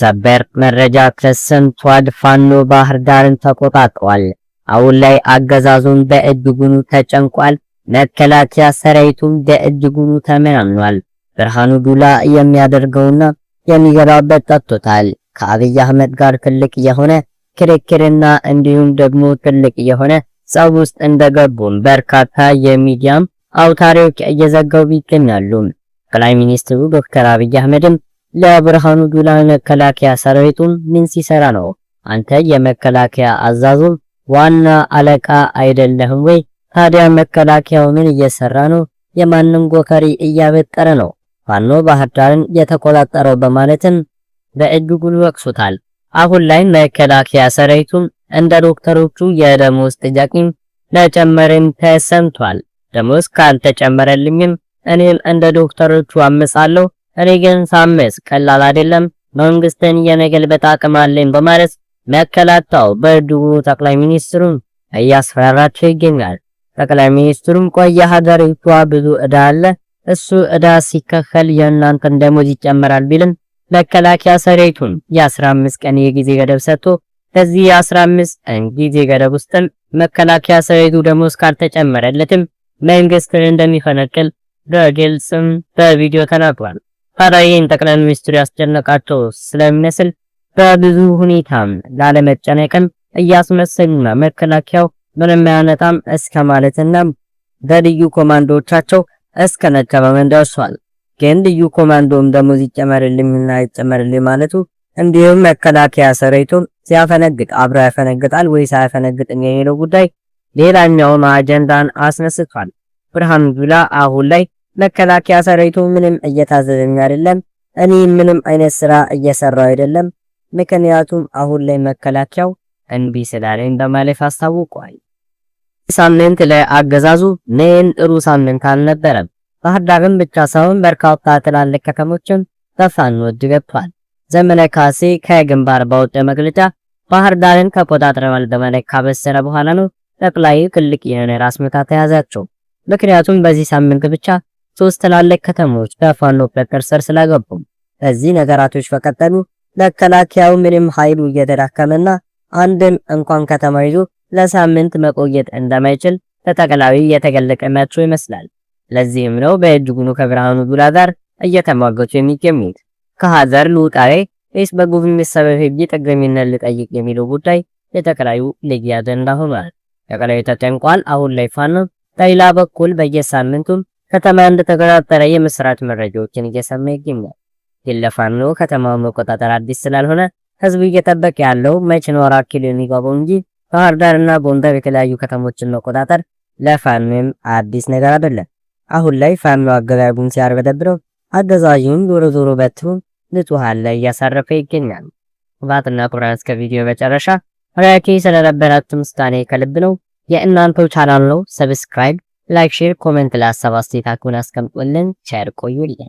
ሰበር መረጃ ተሰምቷል። ፋኖ ባህር ዳርን ተቆጣጥሯል። አሁን ላይ አገዛዙን በእጅጉኑ ተጨንቋል። መከላከያ ሰራዊቱም በእጅጉኑ ተመናምኗል። ብርሃኑ ዱላ የሚያደርገውና የሚገባበት ጠጥቶታል። ከአብይ አህመድ ጋር ትልቅ የሆነ ክርክርና እንዲሁም ደግሞ ትልቅ የሆነ ጸብ ውስጥ እንደገቡም በርካታ የሚዲያም አውታሪዎች እየዘገቡ ይገኛሉ። ጠቅላይ ሚኒስትሩ ዶክተር አብይ አህመድም ለብርሃኑ ጁላ መከላከያ ሰራዊቱን ምን ሲሰራ ነው? አንተ የመከላከያ አዛዙም ዋና አለቃ አይደለህም ወይ? ታዲያ መከላከያው ምን እየሰራ ነው? የማንም ጎከሪ እያበጠረ ነው? ፋኖ ባህር ዳርን የተቆጣጠረው በማለትም በእጅጉን ወቅሱታል። አሁን ላይ መከላከያ ሰራዊቱም እንደ ዶክተሮቹ የደሞዝ ጥያቄም ለጨመረም ተሰምቷል። ደሞዝ ካልተጨመረልኝም እኔም እንደ ዶክተሮቹ አመጻለሁ እኔ ግን ሳምስ ቀላል አይደለም፣ መንግስትን የመገልበጥ አቅም አለኝ በማለት መከላታው በእርድቡ ጠቅላይ ሚኒስትሩን እያስፈራራቸው ይገኛል። ጠቅላይ ሚኒስትሩም ቆየ ሀገሪቷ ብዙ እዳ አለ፣ እሱ እዳ ሲከፈል የእናንተን ደሞዝ ይጨመራል ቢልም መከላከያ ሰራዊቱን የ15 ቀን የጊዜ ገደብ ሰጥቶ በዚህ የ15 ቀን ጊዜ ገደብ ውስጥም መከላከያ ሰራዊቱ ደሞዝ ካልተጨመረለትም መንግስትን እንደሚፈነቅል በግልጽም በቪዲዮ ተናግሯል። ታዲያ ይህን ጠቅላይ ሚኒስትሩ ያስጨነቃቸው ስለሚመስል በብዙ ሁኔታም ላለመጨነቅም እያስመሰሉና መከላከያው ምንም አያመጣም እስከ ማለትና በልዩ ኮማንዶዎቻቸው እስከ መተማመን ደርሷል። ግን ልዩ ኮማንዶም ደሞዝ ይጨመርልኝና አይጨመርልኝ ማለቱ እንዲሁም መከላከያ ሰራዊቱም ሲያፈነግጥ አብራ ያፈነግጣል ወይስ አያፈነግጥም የሚለው ጉዳይ ሌላኛውን አጀንዳን አስነስቷል። ብርሃኑ ጁላ አሁን ላይ መከላከያ ሰራዊቱ ምንም እየታዘዘኝ አይደለም። እኔ ምንም አይነት ስራ እየሰራው አይደለም። ምክንያቱም አሁን ላይ መከላከያው እንቢ ስላለኝ በማለፍ አስታውቋል። ሳምንት ላይ አገዛዙ ምን ጥሩ ሳምንት አልነበረም። ባህር ዳርም ብቻ ሳይሆን በርካታ ትላልቅ ከተሞችን በፋኖ እጅ ገብቷል። ዘመነ ካሴ ከግንባር ባወጣ መግለጫ ባህር ዳርን ከቆጣጥረዋል በማለት ካበሰረ በኋላ ነው ጠቅላዩ ክልቅ የሆነ ራስ ምታት ያዛቸው። ምክንያቱም በዚህ ሳምንት ብቻ ሶስት ትላልቅ ከተሞች በፋኖ ቁጥጥር ስር ስለገቡ በዚህ ነገራቶች በቀጠሉ መከላከያው ምንም ኃይሉ እየተዳከመና አንድም እንኳን ከተማ ይዞ ለሳምንት መቆየት እንደማይችል በጠቅላዊ የተገለቀ መጥቶ ይመስላል። ለዚህም ነው በእጅጉኑ ከብርሃኑ ዱላ ጋር እየተሟገቱ የሚገኙት። ከሀዘር ልውጣሬ ወይስ በጉብኝት ሰበብ ህግ ጥገኝነት ልጠይቅ የሚለው ጉዳይ የጠቅላዩ ልዩ አጀንዳ ሆኗል። ጠቅላዩ ተጨንቋል። አሁን ላይ ፋኖ በሌላ በኩል በየሳምንቱም ከተማ እንደተቆጣጠረ የምስራች መረጃዎችን እየሰማ ይገኛል። ግን ለፋኖ ከተማውን መቆጣጠር አዲስ ስላልሆነ ህዝቡ እየጠበቀ ያለው መቼ ነው አራት ኪሎ የሚገባው እንጂ ባህር ዳርና ጎንደር የተለያዩ ከተሞችን መቆጣጠር ለፋኖም አዲስ ነገር አይደለም። አሁን ላይ ፋኖ አገዛዙን ሲያርበደብረው አገዛዡን ዞሮ ዞሮ በትሩ ንጹሃን ላይ እያሳረፈ ይገኛል። ባትና ኩራት እስከ ቪዲዮ መጨረሻ ራኪ ስለነበራችሁ ምስጋና ከልብ ነው። የእናንተው ቻናል ነው። ሰብስክራይብ ላይክ፣ ሼር፣ ኮሜንት ላይ ሀሳብ አስተያየታችሁን አስቀምጡልን። ቸር ቆዩልን።